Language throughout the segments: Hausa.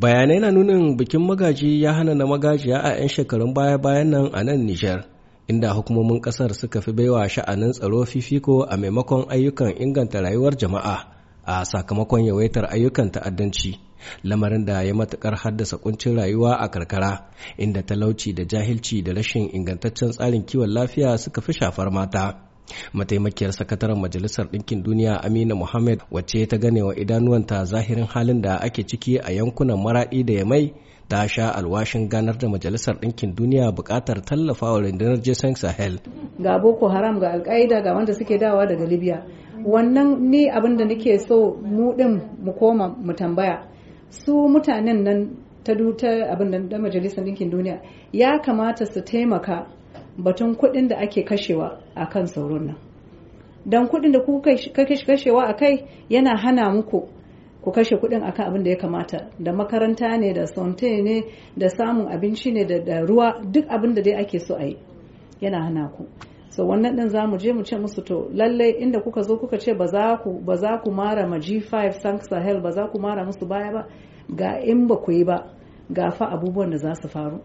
bayanai na nunin bikin magaji ya hana na magajiya a 'yan shekarun baya-bayan nan a nan nijar inda hukumomin ƙasar suka fi baiwa sha'anin tsaro fifiko a maimakon ayyukan inganta rayuwar jama'a a sakamakon yawaitar ayyukan ta'addanci lamarin da ya matukar haddasa kuncin rayuwa a karkara inda talauci da jahilci da rashin ingantaccen tsarin kiwon lafiya suka fi shafar mata mataimakiyar sakataren majalisar ɗinkin duniya amina muhammad wacce ta ganewa idanuwanta zahirin halin da ake ciki a yankunan maraɗi da yamai ta sha alwashin ganar da majalisar ɗinkin duniya buƙatar tallafa wa rundunar jason sahel ga boko haram ga alƙa'ida ga wanda suke dawa daga libya wannan ni abin da nake so mu ɗin mu koma mu tambaya su mutanen nan ta duta abin da majalisar ɗinkin duniya ya kamata su taimaka batun kuɗin da ake kashewa a kan sauron nan don kuɗin da kuka kashewa a kai yana hana muku ku kashe kuɗin akan abin da ya kamata da makaranta ne da sonte ne da samun abinci ne da ruwa duk abin da dai ake so a yi yana hana ku so wannan din za mu je mu ce musu to lallai inda kuka zo kuka ce ba za ku mara ma G5 Sank Sahel ba za ku mara musu baya ba ga in ba ku yi ba ga fa abubuwan da za su faru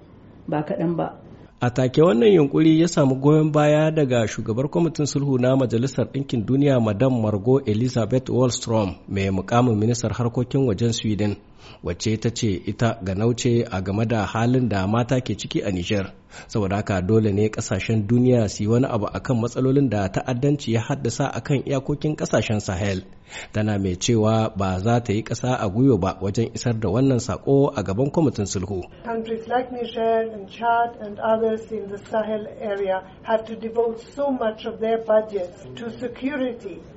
ba kaɗan ba A take wannan yunkuri ya samu goyon baya daga shugabar kwamitin sulhu na Majalisar Ɗinkin Duniya Madam Margo Elizabeth Wallstrom mai mukamin ministar harkokin wajen Sweden, wacce ta ce ita ganauce a game da halin da mata ke ciki a Nijar. saboda haka dole ne kasashen duniya su yi wani abu akan matsalolin da ta'addanci ya haddasa akan iyakokin kasashen sahel tana mai cewa ba za ta yi ƙasa a gwiwa ba wajen isar da wannan sako a gaban kwamitin sulhu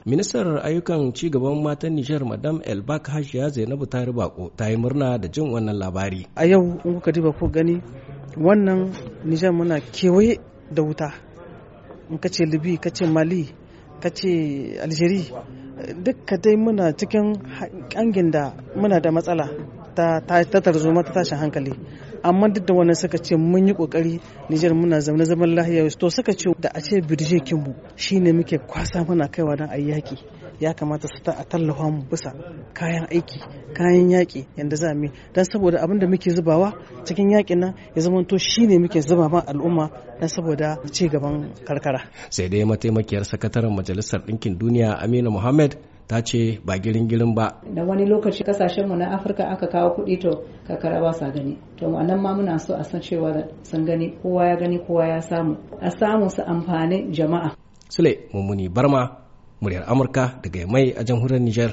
ministar ayyukan cigaban matan nijar madam elbak hashiya zainabu tari bako ta yi murna da jin wannan labari a yau in kuka diba ko gani wannan nijar muna kewaye da wuta in ka ce libi ka ce mali ka ce duk dukka dai muna cikin ƙangin da muna da matsala ta tarzoma ta tashi hankali amma duk da wannan suka ce mun yi kokari Nijar muna zaune zaman lahiya to suka ce da a ce birje kinmu ne muke kwasa muna kaiwa dan a yaki ya kamata su ta a tallafa mu bisa kayan aiki kayan yaki yanda za mu dan saboda abin da muke zubawa cikin yakin nan ya zama to ne muke zuba ma al'umma dan saboda ci gaban karkara sai dai mataimakiyar sakataren majalisar ɗinkin duniya Amina Muhammad ta ce ba girin-girin ba. Da wani lokaci kasashen mu na Afirka aka kawo kuɗi to kakara ba sa gani. To nan ma muna so a san cewa sun gani kowa ya gani kowa ya samu. A samu su amfani jama'a. Sule Mummuni Barma, muryar Amurka daga mai a jamhuriyar Nijar.